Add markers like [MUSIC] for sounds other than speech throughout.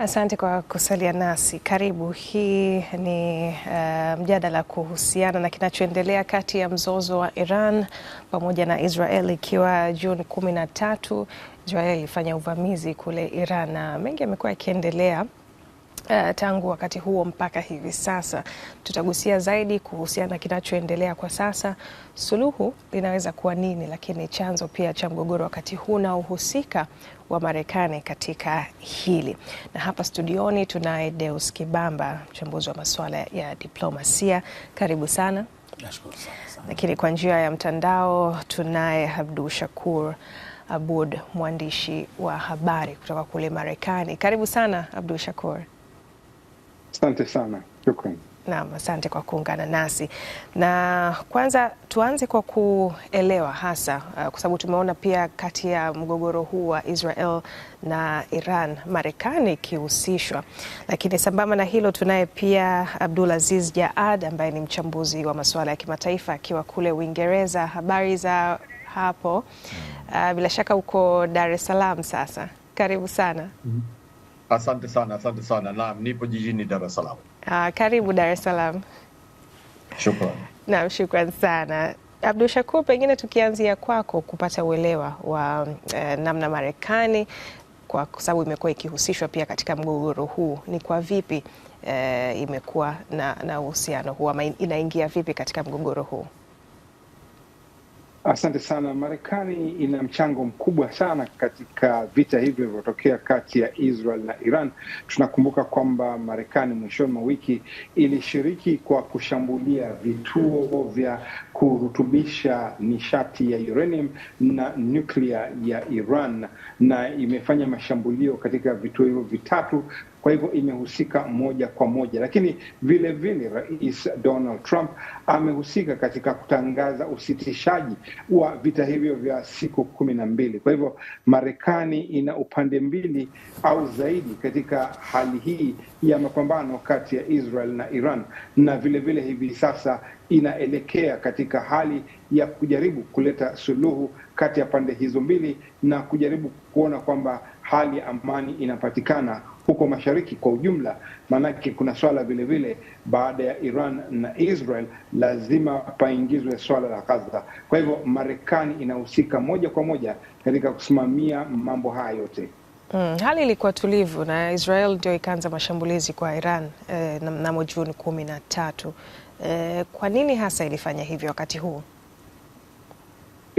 Asante kwa kusalia nasi. Karibu. Hii ni uh, mjadala kuhusiana na kinachoendelea kati ya mzozo wa Iran pamoja na Israel, ikiwa Juni kumi na tatu Israel ilifanya uvamizi kule Iran na mengi yamekuwa yakiendelea Uh, tangu wakati huo mpaka hivi sasa tutagusia zaidi kuhusiana kinachoendelea kwa sasa, suluhu linaweza kuwa nini, lakini chanzo pia cha mgogoro wakati huu na uhusika wa Marekani katika hili. Na hapa studioni tunaye Deus Kibamba, mchambuzi wa masuala ya diplomasia. Karibu sana. sana. Lakini kwa njia ya mtandao tunaye Abdul Shakur Abud, mwandishi wa habari kutoka kule Marekani. Karibu sana Abdul Shakur. Asante sana, shukrani. Naam, asante kwa kuungana nasi na kwanza tuanze kwa kuelewa hasa uh, kwa sababu tumeona pia kati ya mgogoro huu wa Israel na Iran Marekani ikihusishwa, lakini sambamba na hilo tunaye pia Abdul Aziz Jaad ambaye ni mchambuzi wa masuala ya kimataifa akiwa kule Uingereza. Habari za hapo? Hmm. Uh, bila shaka uko Dar es Salaam sasa, karibu sana. mm -hmm. Asante sana, asante sana. Naam, nipo jijini Dar es Salaam. Ah, karibu Dar es Salaam. Shukran. Naam, shukran sana. Abdul Shakur, pengine tukianzia kwako kupata uelewa wa eh, namna Marekani kwa sababu imekuwa ikihusishwa pia katika mgogoro huu, ni kwa vipi eh, imekuwa na uhusiano huu ama inaingia vipi katika mgogoro huu? Asante sana. Marekani ina mchango mkubwa sana katika vita hivyo vilivyotokea kati ya Israel na Iran. Tunakumbuka kwamba Marekani mwishoni mwa wiki ilishiriki kwa kushambulia vituo vya kurutubisha nishati ya uranium na nuklia ya Iran, na imefanya mashambulio katika vituo hivyo vitatu kwa hivyo imehusika moja kwa moja, lakini vile vile Rais Donald Trump amehusika katika kutangaza usitishaji wa vita hivyo vya siku kumi na mbili. Kwa hivyo Marekani ina upande mbili au zaidi katika hali hii ya mapambano kati ya Israel na Iran, na vile vile hivi sasa inaelekea katika hali ya kujaribu kuleta suluhu kati ya pande hizo mbili na kujaribu kuona kwamba hali ya amani inapatikana huko mashariki kwa ujumla. Maanake kuna swala vilevile, baada ya Iran na Israel lazima paingizwe swala la Gaza. Kwa hivyo, Marekani inahusika moja kwa moja katika kusimamia mambo haya yote. Mm, hali ilikuwa tulivu na Israel ndio ikaanza mashambulizi kwa Iran eh, mnamo Juni kumi na tatu. Eh, kwa nini hasa ilifanya hivyo wakati huu?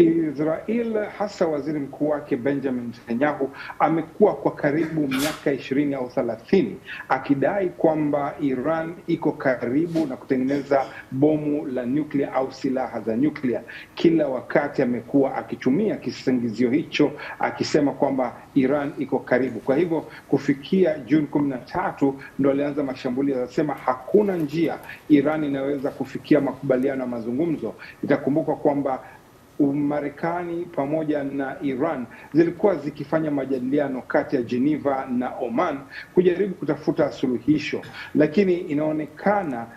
Israel hasa waziri mkuu wake Benjamin Netanyahu amekuwa kwa karibu miaka ishirini au thelathini akidai kwamba Iran iko karibu na kutengeneza bomu la nyuklia au silaha za nyuklia. Kila wakati amekuwa akitumia kisingizio hicho akisema kwamba Iran iko karibu. Kwa hivyo kufikia Juni kumi na tatu ndo alianza mashambulio, anasema hakuna njia Iran inaweza kufikia makubaliano ya mazungumzo. Itakumbukwa kwamba Umarekani pamoja na Iran zilikuwa zikifanya majadiliano kati ya Geneva na Oman kujaribu kutafuta suluhisho, lakini inaonekana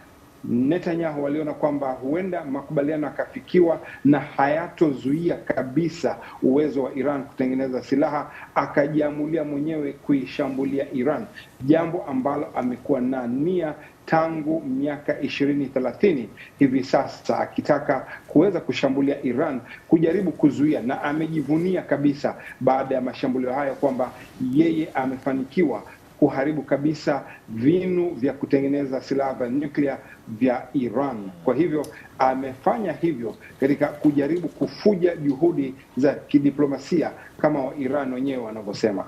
Netanyahu waliona kwamba huenda makubaliano yakafikiwa na hayatozuia kabisa uwezo wa Iran kutengeneza silaha, akajiamulia mwenyewe kuishambulia Iran, jambo ambalo amekuwa na nia tangu miaka ishirini thelathini hivi sasa, akitaka kuweza kushambulia Iran kujaribu kuzuia, na amejivunia kabisa baada ya mashambulio hayo kwamba yeye amefanikiwa kuharibu kabisa vinu vya kutengeneza silaha za nyuklia vya Iran. Kwa hivyo amefanya hivyo katika kujaribu kufuja juhudi za kidiplomasia kama Wairan wenyewe wanavyosema.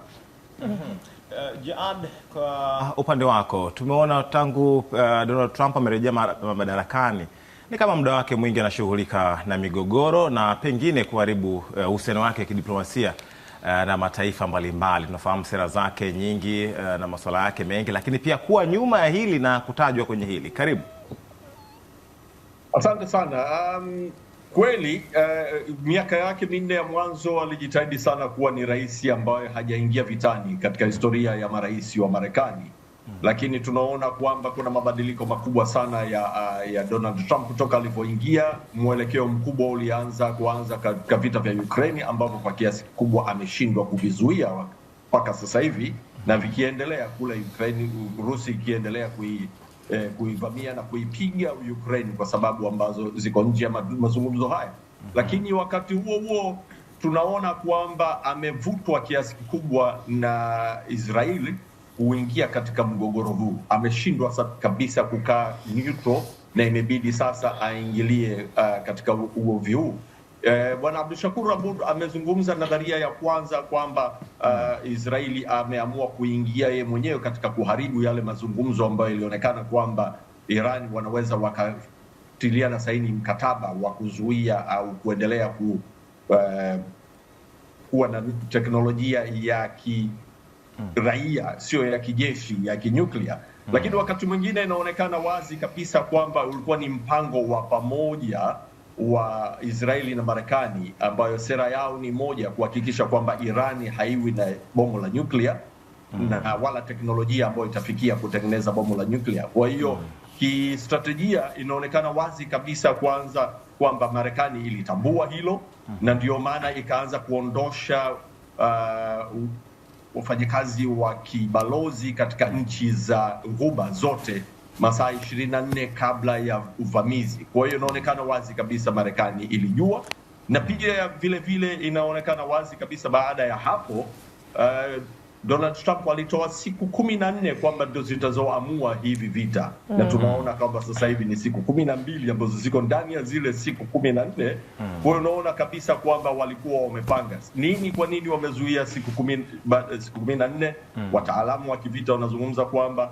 mm -hmm. Eh, Jihad kwa ah, upande wako tumeona tangu uh, Donald Trump amerejea madarakani ni kama muda wake mwingi anashughulika na migogoro na pengine kuharibu eh, uhusiano wake kidiplomasia uh, na mataifa mbalimbali. Tunafahamu sera zake nyingi uh, na masuala yake mengi, lakini pia kuwa nyuma ya hili na kutajwa kwenye hili. Karibu. Asante sana um... Kweli uh, miaka yake minne ya mwanzo alijitahidi sana kuwa ni rais ambaye hajaingia vitani katika historia ya marais wa Marekani hmm. Lakini tunaona kwamba kuna mabadiliko makubwa sana ya, uh, ya Donald Trump toka alivyoingia. Mwelekeo mkubwa ulianza kuanza katika vita vya Ukraine ambavyo kwa kiasi kikubwa ameshindwa kuvizuia mpaka sasa hivi, na vikiendelea kule Ukraine, Urusi ikiendelea eh, kuivamia na kuipiga Ukraine kwa sababu ambazo ziko nje ya mazungumzo haya. Mhm. Lakini wakati huo huo tunaona kwamba amevutwa kiasi kikubwa na Israeli kuingia katika mgogoro huu. Ameshindwa kabisa kukaa neutral na imebidi sasa aingilie uh, katika uovi huu. Eh, Bwana shakur Abud amezungumza nadharia ya kwanza kwamba uh, Israeli ameamua kuingia yeye mwenyewe katika kuharibu yale mazungumzo ambayo ilionekana kwamba Iran wanaweza wakatiliana saini mkataba wa kuzuia au kuendelea ku, uh, kuwa na teknolojia ya kiraia sio ya kijeshi ya kinyuklia. Lakini wakati mwingine inaonekana wazi kabisa kwamba ulikuwa ni mpango wa pamoja wa Israeli na Marekani ambayo sera yao ni moja, kuhakikisha kwamba Irani haiwi na bomu la nyuklia mm. na wala teknolojia ambayo itafikia kutengeneza bomu la nyuklia. Kwa hiyo mm. kistratejia inaonekana wazi kabisa kwanza kwamba Marekani ilitambua hilo mm. na ndio maana ikaanza kuondosha uh, wafanyakazi uh, wa kibalozi katika nchi za Ghuba zote masaa ishirini na nne kabla ya uvamizi. Kwa hiyo inaonekana wazi kabisa Marekani ilijua, na pia vile vile inaonekana wazi kabisa baada ya hapo uh, Donald Trump alitoa siku kumi na nne kwamba ndio zitazoamua hivi vita mm. na hmm. tunaona kwamba sasa hivi ni siku kumi na mbili ambazo ziko ndani ya zile siku kumi na nne mm. kwa hiyo unaona kabisa kwamba walikuwa wamepanga nini. Kwa nini wamezuia siku kumi na nne? Hmm. Wataalamu wa kivita wanazungumza kwamba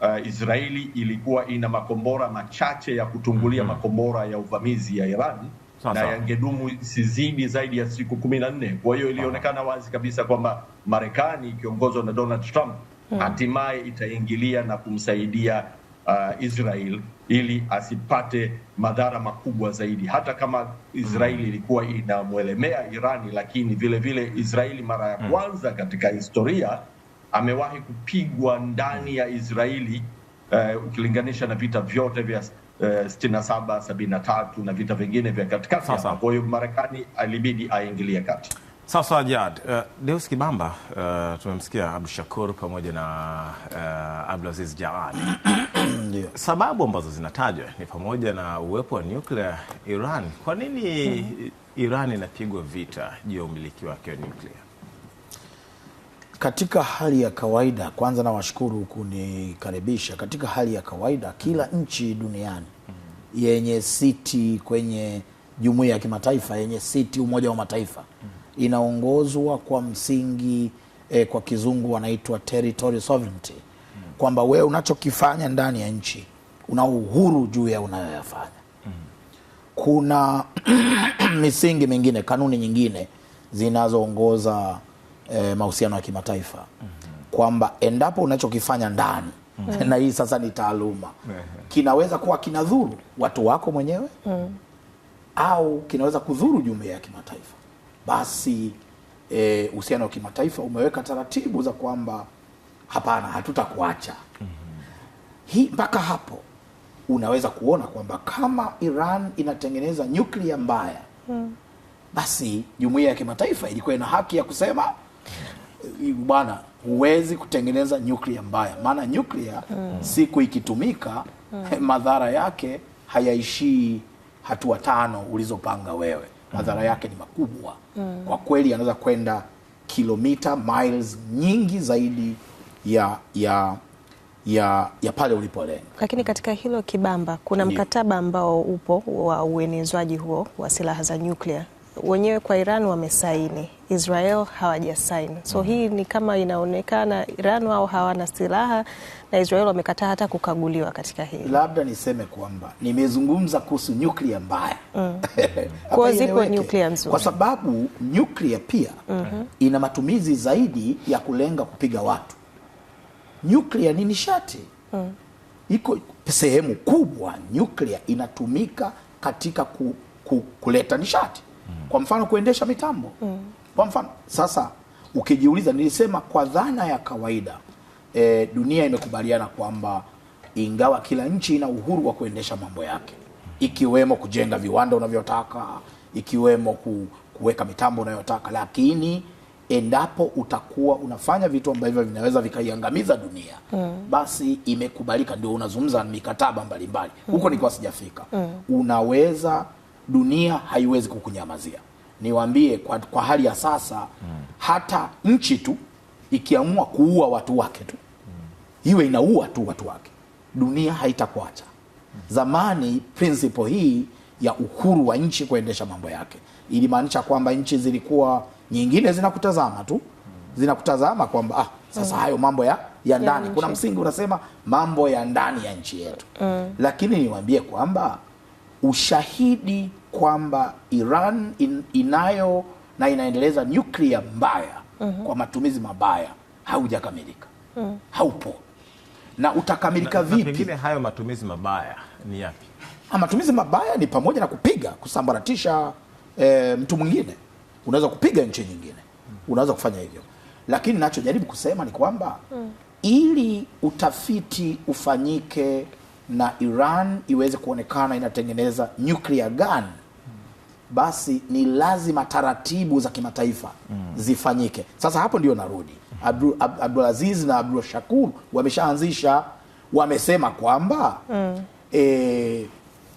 uh, Israeli ilikuwa ina makombora machache ya kutungulia mm -hmm. makombora ya uvamizi ya Iran Sasa. na yangedumu sizidi zaidi ya siku kumi na nne. Kwa hiyo ilionekana ah. wazi kabisa kwamba Marekani ikiongozwa na Donald Trump mm hatimaye -hmm. itaingilia na kumsaidia uh, Israel ili asipate madhara makubwa zaidi, hata kama Israeli mm. ilikuwa inamwelemea Irani, lakini vile vile Israeli mara ya mm. kwanza katika historia amewahi kupigwa ndani ya Israeli uh, ukilinganisha na vita vyote vya uh, sitini na saba sabini na tatu na vita vingine vya katikati. Kwa hiyo Marekani alibidi aingilie kati. Sasa Jad uh, Deus Kibamba uh, tumemsikia Abdu Shakur pamoja na uh, Abdulaziz Jaad yeah. [COUGHS] Sababu ambazo zinatajwa ni pamoja na uwepo wa nyuklia Iran. Kwa nini mm -hmm. Iran inapigwa vita juu ya umiliki wake wa nyuklia? Katika hali ya kawaida, kwanza nawashukuru kunikaribisha. Katika hali ya kawaida, kila mm-hmm. nchi duniani yenye siti kwenye jumuiya ya kimataifa yenye siti Umoja wa Mataifa mm-hmm. inaongozwa kwa msingi eh, kwa kizungu wanaitwa territory sovereignty, mm-hmm. kwamba wewe unachokifanya ndani ya nchi una uhuru juu ya unayoyafanya. Kuna [CLEARS THROAT] misingi mingine, kanuni nyingine zinazoongoza e, mahusiano ya kimataifa mm -hmm. kwamba endapo unachokifanya ndani mm -hmm. na hii sasa ni taaluma mm -hmm. kinaweza kuwa kinadhuru watu wako mwenyewe mm -hmm. au kinaweza kudhuru jumuiya ya kimataifa, basi eh, uhusiano wa kimataifa umeweka taratibu za kwamba hapana, hatutakuacha mm -hmm. hii mpaka hapo unaweza kuona kwamba kama Iran inatengeneza nyuklia mbaya mm. basi jumuiya ya kimataifa ilikuwa ina haki ya kusema bwana, huwezi kutengeneza nyuklia mbaya, maana nyuklia mm. siku ikitumika mm. [LAUGHS] madhara yake hayaishii hatua tano ulizopanga wewe, madhara mm. yake ni makubwa mm. kwa kweli, anaweza kwenda kilomita miles nyingi zaidi ya ya ya, ya pale ulipolenga. Lakini katika hilo kibamba kuna Ndiyo. mkataba ambao upo wa uenezwaji huo wa silaha za nyuklia wenyewe kwa Iran wamesaini, Israel hawajasaini. So mhm. hii ni kama inaonekana Iran wao hawana silaha na Israel wamekataa hata kukaguliwa katika hili. Labda niseme kwamba nimezungumza kuhusu nyuklia mbaya mm. [LAUGHS] kwa zipo nyuklia nzuri, kwa sababu nyuklia pia mm -hmm. ina matumizi zaidi ya kulenga kupiga watu. Nyuklia ni nishati mm. iko sehemu kubwa nyuklia inatumika katika ku, ku, kuleta nishati mm. kwa mfano kuendesha mitambo mm. kwa mfano sasa, ukijiuliza, nilisema kwa dhana ya kawaida e, dunia imekubaliana kwamba ingawa kila nchi ina uhuru wa kuendesha mambo yake, ikiwemo kujenga viwanda unavyotaka, ikiwemo ku, kuweka mitambo unayotaka, lakini endapo utakuwa unafanya vitu ambavyo vinaweza vikaiangamiza dunia mm. basi imekubalika, ndio unazungumza mikataba mbalimbali mm. huko mm. nilikuwa sijafika mm. unaweza dunia haiwezi kukunyamazia. Niwaambie kwa, kwa hali ya sasa mm. hata nchi tu ikiamua kuua watu wake tu mm. iwe inaua tu watu wake, dunia haitakuacha. mm. Zamani principle hii ya uhuru wa nchi kuendesha mambo yake ilimaanisha kwamba nchi zilikuwa nyingine zinakutazama tu zinakutazama kwamba ah, sasa mm. hayo mambo ya, ya ndani ya kuna msingi unasema mambo ya ndani ya nchi yetu mm. lakini niwaambie kwamba ushahidi kwamba Iran in, inayo na inaendeleza nyuklia mbaya mm -hmm. kwa matumizi mabaya haujakamilika mm -hmm. haupo na utakamilika na, vipi? Na pengine hayo matumizi mabaya ni yapi? Ha, ah, matumizi mabaya ni pamoja na kupiga, kusambaratisha e, mtu mwingine. Unaweza kupiga nchi nyingine, unaweza kufanya hivyo, lakini nachojaribu kusema ni kwamba mm. ili utafiti ufanyike na Iran iweze kuonekana inatengeneza nuclear gun, basi ni lazima taratibu za kimataifa mm. zifanyike. Sasa hapo ndio narudi Abdul, Aziz na Abdul Shakur wameshaanzisha, wamesema kwamba mm. e,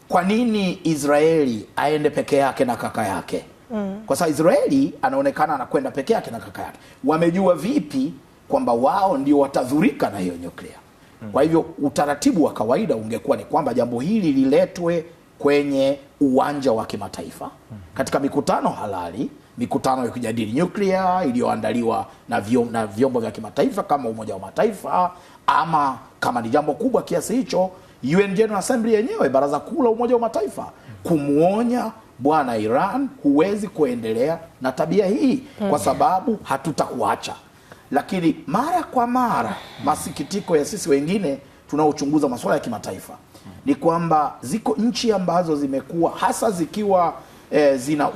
kwa nini Israeli aende peke yake na kaka yake mm. kwa sababu Israeli anaonekana anakwenda peke yake na kaka yake. Wamejua vipi kwamba wao ndio watadhurika na hiyo nyuklia? Mm. Kwa hivyo utaratibu wa kawaida ungekuwa ni kwamba jambo hili liletwe kwenye uwanja wa kimataifa mm. katika mikutano halali, mikutano ya kujadili nyuklia iliyoandaliwa na vyombo, na vyombo vya kimataifa kama Umoja wa Mataifa, ama kama ni jambo kubwa kiasi hicho, UN General Assembly yenyewe, baraza kuu la Umoja wa Mataifa, mm. kumwonya bwana Iran, huwezi kuendelea na tabia hii kwa sababu hatutakuacha lakini mara kwa mara masikitiko ya sisi wengine tunaochunguza masuala ya kimataifa ni kwamba ziko nchi ambazo zimekuwa hasa zikiwa e, zina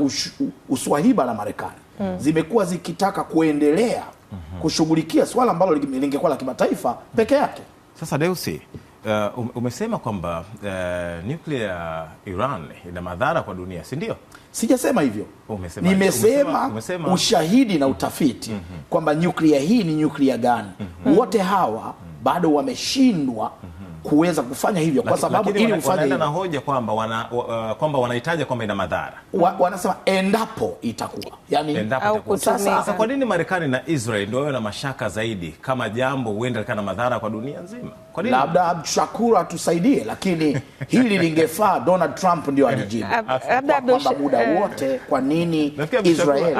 uswahiba na Marekani mm. zimekuwa zikitaka kuendelea hmm. kushughulikia swala ambalo lingekuwa la kimataifa peke yake. Sasa Deusi, Uh, umesema kwamba uh, nuclear Iran ina madhara kwa dunia, si ndio? Sijasema hivyo, umesema, nimesema umesema, ushahidi na utafiti mm -hmm. kwamba nyuklia hii ni nyuklia gani? mm -hmm. wote hawa mm -hmm. bado wameshindwa mm -hmm kuweza kufanya hivyo kwa sababu ili ufanye na hoja kwamba wana uh, kwamba wanahitaji kwamba ina madhara wa, wanasema endapo itakuwa yani endapo itakuwa. Sasa, sasa kwa nini Marekani na Israel ndio wao na mashaka zaidi kama jambo huenda likawa na madhara kwa dunia nzima? Kwa nini labda Abdushakur atusaidie, lakini hili lingefaa Donald Trump ndio alijibu labda kwa muda eh. wote, kwa nini Israel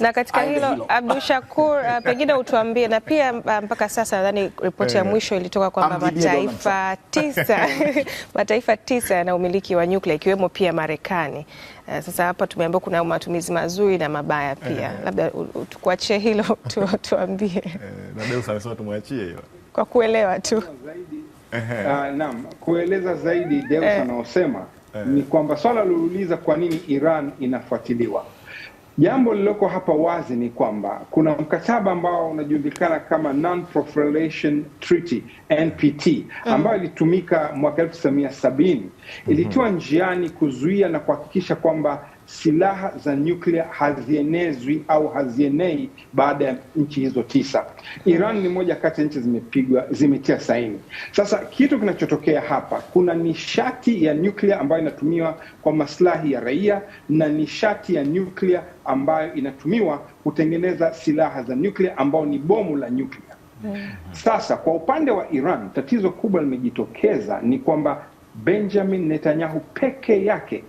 na katika hilo Abdushakur, eh, pengine utuambie na pia eh, mpaka sasa nadhani ripoti ya mwisho ilitoka kwamba mataifa mataifa tisa [LAUGHS] mataifa tisa yana umiliki wa nyuklia ikiwemo pia Marekani. Uh, sasa hapa tumeambiwa kuna matumizi mazuri na mabaya pia eh, labda tukuachie hilo [LAUGHS] tu, tuambie eh, tumwachie hilo kwa kuelewa tu uh, naam, kueleza zaidi Deus anaosema eh. eh, ni kwamba swala lilouliza kwa nini Iran inafuatiliwa Jambo lililoko hapa wazi ni kwamba kuna mkataba ambao unajulikana kama Non-Proliferation Treaty NPT mm. ambayo ilitumika mwaka elfu tisa mia sabini ilitiwa mm-hmm. njiani kuzuia na kuhakikisha kwamba silaha za nyuklia hazienezwi au hazienei baada ya nchi hizo tisa. Iran ni moja kati ya nchi zimepigwa, zimetia saini. Sasa kitu kinachotokea hapa, kuna nishati ya nyuklia ambayo inatumiwa kwa maslahi ya raia na nishati ya nyuklia ambayo inatumiwa kutengeneza silaha za nyuklia ambao ni bomu la nyuklia. Mm-hmm. Sasa kwa upande wa Iran, tatizo kubwa limejitokeza ni kwamba Benjamin Netanyahu peke yake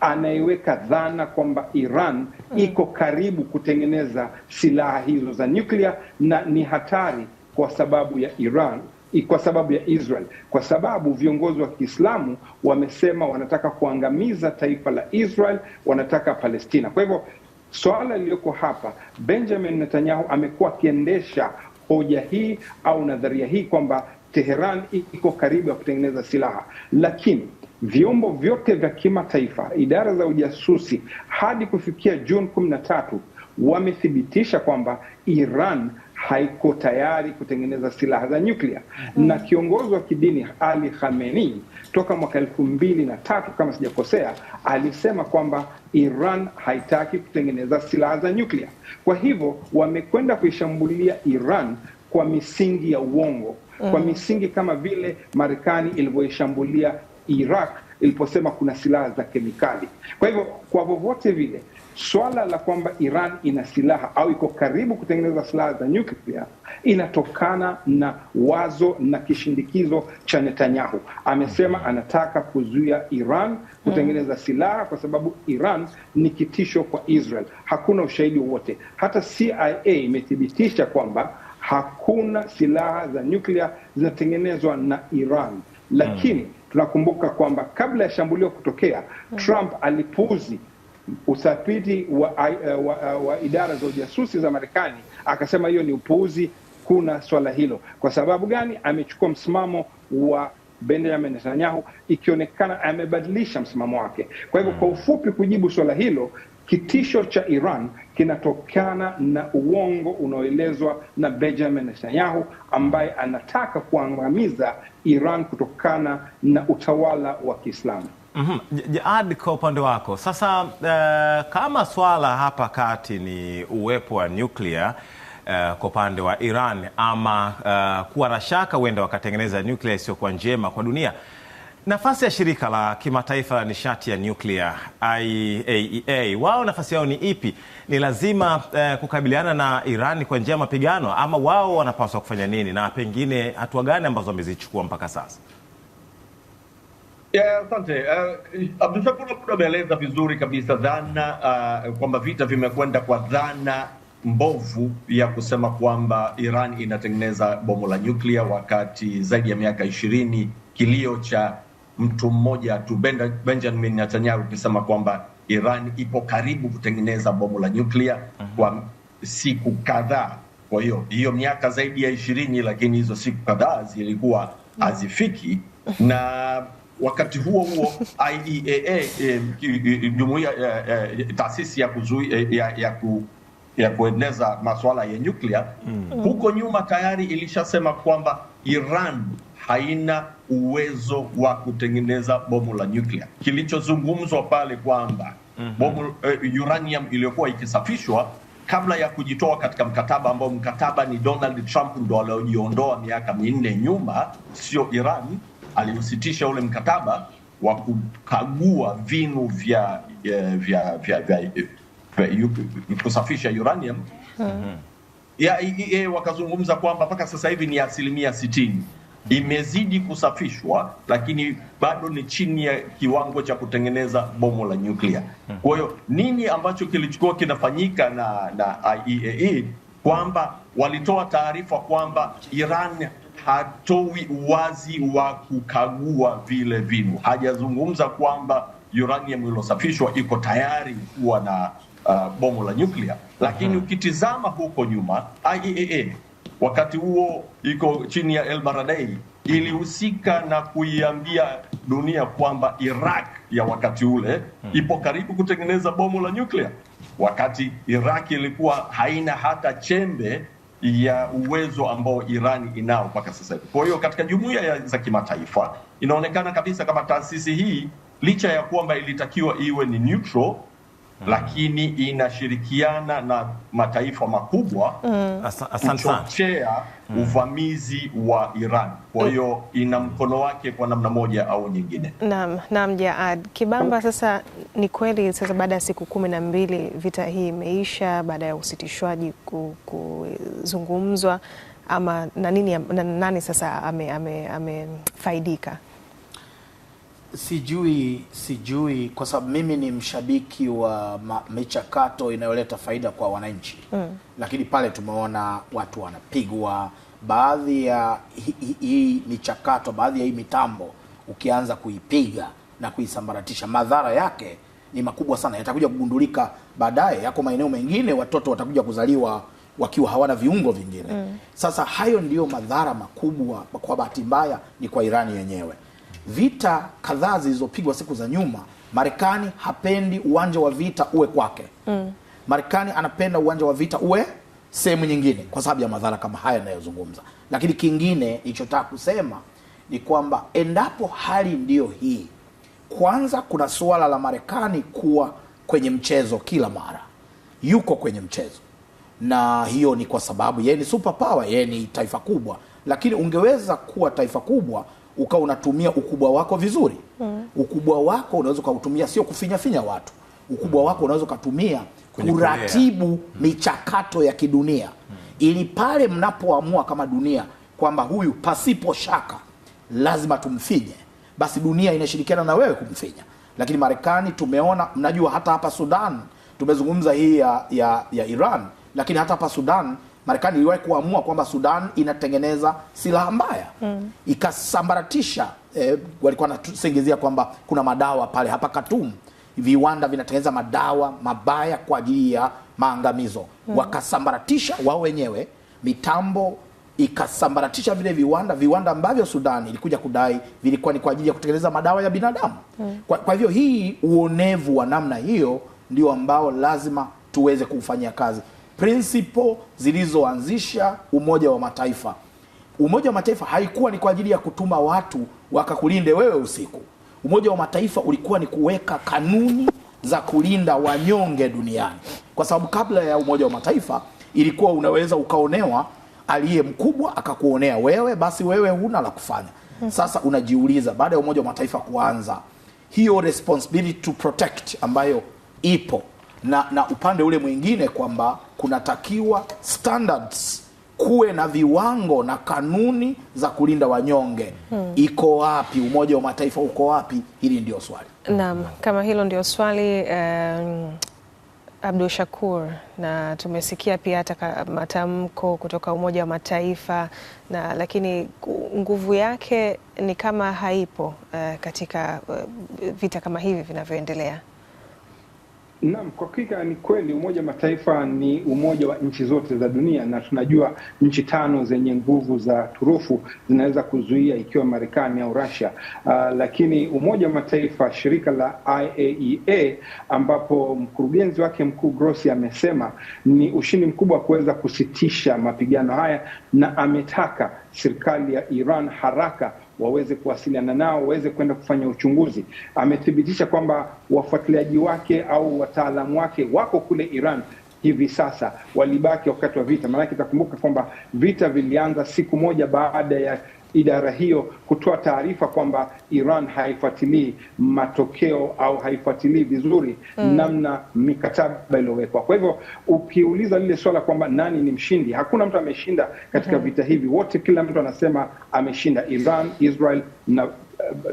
anaiweka dhana kwamba Iran mm. iko karibu kutengeneza silaha hizo za nyuklia na ni hatari kwa sababu ya Iran kwa sababu ya Israel, kwa sababu viongozi wa Kiislamu wamesema wanataka kuangamiza taifa la Israel, wanataka Palestina. Kwa hivyo swala lililoko hapa, Benjamin Netanyahu amekuwa akiendesha hoja hii au nadharia hii kwamba Teheran iko karibu ya kutengeneza silaha, lakini vyombo vyote vya kimataifa, idara za ujasusi, hadi kufikia Juni kumi na tatu wamethibitisha kwamba Iran haiko tayari kutengeneza silaha za nyuklia mm -hmm. Na kiongozi wa kidini Ali Khamenei toka mwaka elfu mbili na tatu kama sijakosea, alisema kwamba Iran haitaki kutengeneza silaha za nyuklia. Kwa hivyo wamekwenda kuishambulia Iran kwa misingi ya uongo, kwa mm-hmm. misingi kama vile Marekani ilivyoishambulia Iraq iliposema kuna silaha za kemikali. Kwa hivyo kwa vyovyote vile swala la kwamba Iran ina silaha au iko karibu kutengeneza silaha za nyuklia inatokana na wazo na kishindikizo cha Netanyahu. Amesema anataka kuzuia Iran kutengeneza silaha kwa sababu Iran ni kitisho kwa Israel. Hakuna ushahidi wowote, hata CIA imethibitisha kwamba hakuna silaha za nyuklia zinatengenezwa na Iran, lakini hmm Tunakumbuka kwamba kabla ya shambulio kutokea mm. Trump alipuuzi uthabiti wa, uh, wa, wa, uh, wa idara za ujasusi za Marekani, akasema hiyo ni upuuzi, kuna swala hilo. Kwa sababu gani? Amechukua msimamo wa Benjamin Netanyahu, ikionekana amebadilisha msimamo wake. Kwa hivyo, hmm. kwa ufupi, kujibu swala hilo, Kitisho cha Iran kinatokana na uongo unaoelezwa na Benjamin Netanyahu ambaye anataka kuangamiza Iran kutokana na utawala wa Kiislamu. Mm -hmm. Jihad, kwa upande wako sasa, uh, kama swala hapa kati ni uwepo wa nyuklia uh, kwa upande wa Iran ama uh, kuwa na shaka huenda wakatengeneza nyuklia isiyokuwa njema kwa dunia Nafasi ya shirika la kimataifa la nishati ya nyuklia IAEA, e wao nafasi yao ni ipi? Ni lazima eh, kukabiliana na Irani kwa njia ya mapigano, ama wao wanapaswa kufanya nini, na pengine hatua gani ambazo wamezichukua mpaka sasa? Asante yeah, uh, Abdushakur Abud ameeleza vizuri kabisa dhana uh, kwamba vita vimekwenda kwa dhana mbovu ya kusema kwamba Iran inatengeneza bomu la nyuklia, wakati zaidi ya miaka ishirini kilio cha mtu mmoja tu Benjamin Netanyahu akisema kwamba Iran ipo karibu kutengeneza bomu la nyuklia mhm. kwa siku kadhaa. Kwa hiyo hiyo miaka zaidi ya ishirini, lakini hizo siku kadhaa zilikuwa mhm. hazifiki na wakati huo huo [LAUGHS] IDAA e eh, eh, jumuiya eh, taasisi ya kuzuia ya, ya, ku, ya kueneza masuala ya nyuklia mm. huko nyuma tayari ilishasema kwamba Iran haina uwezo wa kutengeneza bomu la nyuklia. Kilichozungumzwa pale kwamba mm -hmm. bomu eh, uranium iliyokuwa ikisafishwa kabla ya kujitoa katika mkataba ambao mkataba ni Donald Trump ndo aliojiondoa miaka minne nyuma, sio Iran. Aliusitisha ule mkataba wa kukagua vinu vya, eh, vya, vya, vya, vya, vya kusafisha uranium mm -hmm. ya, ya, ya, eh, wakazungumza kwamba mpaka sasa hivi ni asilimia sitini imezidi kusafishwa, lakini bado ni chini ya kiwango cha kutengeneza bomu la nyuklia. Hmm. Kwa hiyo nini ambacho kilichokuwa kinafanyika na, na IAEA e? kwamba walitoa taarifa kwamba Iran hatoi uwazi wa kukagua vile vinu, hajazungumza kwamba uranium iliyosafishwa iko tayari kuwa na uh, bomu la nyuklia, lakini hmm. ukitizama huko nyuma IAEA e wakati huo iko chini ya El Baradei ilihusika na kuiambia dunia kwamba Iraq ya wakati ule hmm. ipo karibu kutengeneza bomu la nyuklia, wakati Iraq ilikuwa haina hata chembe ya uwezo ambao Irani inao mpaka sasa hivi. Kwa hiyo katika jumuiya za kimataifa inaonekana kabisa kama taasisi hii licha ya kwamba ilitakiwa iwe ni neutral Mm. lakini inashirikiana na mataifa makubwa mm. kuchochea mm. uvamizi wa Iran. Kwa hiyo mm. ina mkono wake kwa namna moja au nyingine. Naam, naam Jaad Kibamba, sasa ni kweli, sasa baada ya siku kumi na mbili vita hii imeisha baada ya usitishwaji kuzungumzwa ama na nini, na nani sasa amefaidika ame, ame Sijui, sijui kwa sababu mimi ni mshabiki wa michakato inayoleta faida kwa wananchi mm. Lakini pale tumeona watu wanapigwa, baadhi ya hii michakato, baadhi ya hii mitambo ukianza kuipiga na kuisambaratisha, madhara yake ni makubwa sana, yatakuja kugundulika baadaye. Yako maeneo mengine watoto watakuja kuzaliwa wakiwa hawana viungo vingine mm. Sasa hayo ndiyo madhara makubwa, kwa bahati mbaya ni kwa Irani yenyewe vita kadhaa zilizopigwa siku za nyuma, Marekani hapendi uwanja wa vita uwe kwake mm. Marekani anapenda uwanja wa vita uwe sehemu nyingine, kwa sababu ya madhara kama haya anayozungumza Lakini kingine nilichotaka kusema ni kwamba endapo hali ndiyo hii, kwanza kuna suala la Marekani kuwa kwenye mchezo kila mara, yuko kwenye mchezo, na hiyo ni kwa sababu yeye ni superpower, yeye ni taifa kubwa, lakini ungeweza kuwa taifa kubwa ukawa unatumia ukubwa wako vizuri mm. Ukubwa wako unaweza ukautumia sio kufinyafinya watu, ukubwa hmm. wako unaweza ukatumia kuratibu hmm. michakato ya kidunia mm. ili pale mnapoamua kama dunia kwamba huyu pasipo shaka lazima tumfinye, basi dunia inashirikiana na wewe kumfinya. Lakini Marekani tumeona, mnajua hata hapa Sudan tumezungumza hii ya, ya, ya Iran, lakini hata hapa Sudan Marekani iliwahi kuamua kwamba Sudan inatengeneza silaha mbaya mm. ikasambaratisha eh, walikuwa wanasingizia kwamba kuna madawa pale hapa Khartoum, viwanda vinatengeneza madawa mabaya kwa ajili ya maangamizo mm. wakasambaratisha wao wenyewe mitambo ikasambaratisha vile viwanda viwanda ambavyo Sudan ilikuja kudai vilikuwa ni kwa ajili ya kutengeneza madawa ya binadamu mm. Kwa, kwa hivyo hii uonevu wa namna hiyo ndio ambao lazima tuweze kuufanyia kazi principle zilizoanzisha Umoja wa Mataifa. Umoja wa Mataifa haikuwa ni kwa ajili ya kutuma watu wakakulinde wewe usiku. Umoja wa Mataifa ulikuwa ni kuweka kanuni za kulinda wanyonge duniani, kwa sababu kabla ya Umoja wa Mataifa ilikuwa unaweza ukaonewa, aliye mkubwa akakuonea wewe, basi wewe huna la kufanya. Sasa unajiuliza baada ya Umoja wa Mataifa kuanza, hiyo responsibility to protect ambayo ipo na, na upande ule mwingine kwamba kunatakiwa standards kuwe na viwango na kanuni za kulinda wanyonge hmm. Iko wapi? Umoja wa Mataifa uko wapi? Hili ndio swali. Naam, kama hilo ndio swali um... abdu Shakur, na tumesikia pia hata matamko kutoka Umoja wa Mataifa na lakini nguvu yake ni kama haipo uh, katika uh, vita kama hivi vinavyoendelea. Naam, kwa hakika ni kweli, Umoja wa Mataifa ni umoja wa nchi zote za dunia, na tunajua nchi tano zenye nguvu za turufu zinaweza kuzuia ikiwa Marekani au Russia. Uh, lakini Umoja wa Mataifa, shirika la IAEA, e ambapo mkurugenzi wake mkuu Grossi amesema ni ushindi mkubwa kuweza kusitisha mapigano haya, na ametaka serikali ya Iran haraka waweze kuwasiliana nao, waweze kwenda kufanya uchunguzi. Amethibitisha kwamba wafuatiliaji wake au wataalamu wake wako kule Iran hivi sasa, walibaki wakati wa vita. Maanake itakumbuka kwamba vita vilianza siku moja baada ya idara hiyo kutoa taarifa kwamba Iran haifuatilii matokeo au haifuatilii vizuri mm. namna mikataba iliyowekwa. Kwa hivyo ukiuliza lile swala kwamba nani ni mshindi, hakuna mtu ameshinda katika mm -hmm. vita hivi, wote kila mtu anasema ameshinda, Iran, Israel na uh,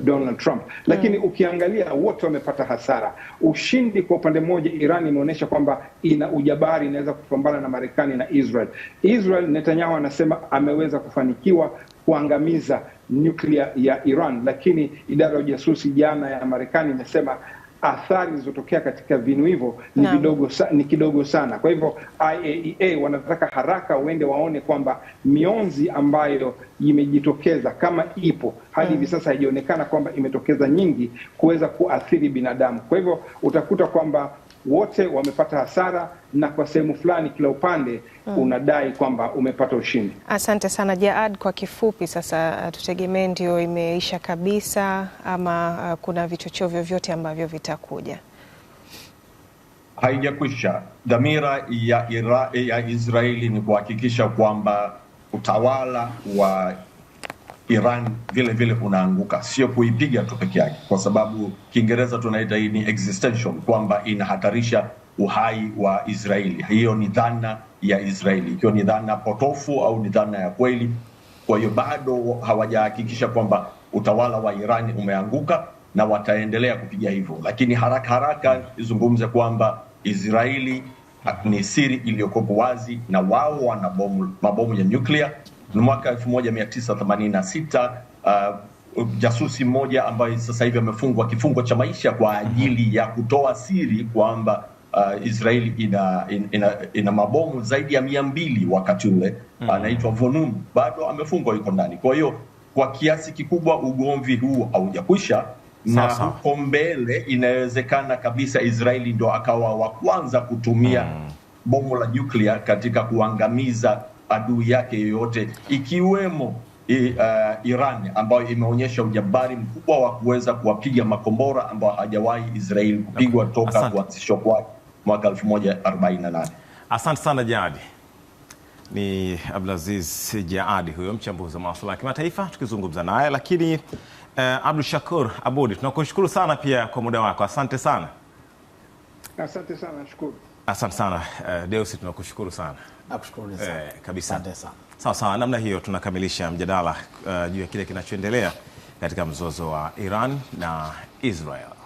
Donald Trump, lakini mm. ukiangalia wote wamepata hasara. Ushindi kwa upande mmoja, Iran imeonyesha kwamba ina ujabari, inaweza kupambana na Marekani na Israel. Israel, Netanyahu anasema ameweza kufanikiwa kuangamiza nyuklia ya Iran, lakini idara ya ujasusi jana ya Marekani imesema athari zilizotokea katika vinu hivyo ni vidogo, ni kidogo sana. Kwa hivyo IAEA e wanataka haraka uende waone kwamba mionzi ambayo imejitokeza kama ipo hadi hivi mm, sasa haijaonekana kwamba imetokeza nyingi kuweza kuathiri binadamu. Kwa hivyo utakuta kwamba wote wamepata hasara, na kwa sehemu fulani kila upande mm. unadai kwamba umepata ushindi. Asante sana Jaad. Kwa kifupi sasa, uh, tutegemee ndio imeisha kabisa ama uh, kuna vichocheo vyovyote ambavyo vitakuja? Haijakwisha. Dhamira ya, ya Israeli ni kuhakikisha kwamba utawala wa Iran vile vile unaanguka, sio kuipiga tu peke yake, kwa sababu Kiingereza tunaita hii ni existential, kwamba inahatarisha uhai wa Israeli. Hiyo ni dhana ya Israeli, ikiwa ni dhana potofu au ni dhana ya kweli. Kwa hiyo bado hawajahakikisha kwamba utawala wa Iran umeanguka na wataendelea kupiga hivyo, lakini haraka haraka izungumze kwamba Israeli ni siri iliyokuwa wazi na wao wana mabomu ya nyuklia mwaka 1986 uh, jasusi mmoja ambaye sasa hivi amefungwa kifungo cha maisha kwa ajili ya kutoa siri kwamba uh, Israeli ina, ina, ina, ina mabomu zaidi ya mia mbili wakati ule hmm. anaitwa Vonum bado amefungwa, yuko ndani. Kwa hiyo kwa kiasi kikubwa ugomvi huu haujakwisha na huko mbele inawezekana kabisa Israeli ndo akawa wa kwanza kutumia mm. bomu la nyuklia katika kuangamiza adui yake yoyote ikiwemo I, uh, Iran ambayo imeonyesha ujabari mkubwa wa kuweza kuwapiga makombora ambao hajawahi Israeli kupigwa toka kuanzishwa kwake mwaka 1948. Asante sana Jaadi. Ni Abdulaziz Jaadi huyo mchambuzi wa masuala ya kimataifa tukizungumza naye, lakini uh, eh, Abdul Shakur Abudi, tunakushukuru sana pia kwa muda wako, asante sana. Asante sana, shukuru. Asante sana uh, Deusi, tunakushukuru sana. Nakushukuru eh, sana. Eh, kabisa. Asante sana. Sawa sawa, namna hiyo tunakamilisha mjadala uh, juu ya kile kinachoendelea katika mzozo wa Iran na Israel.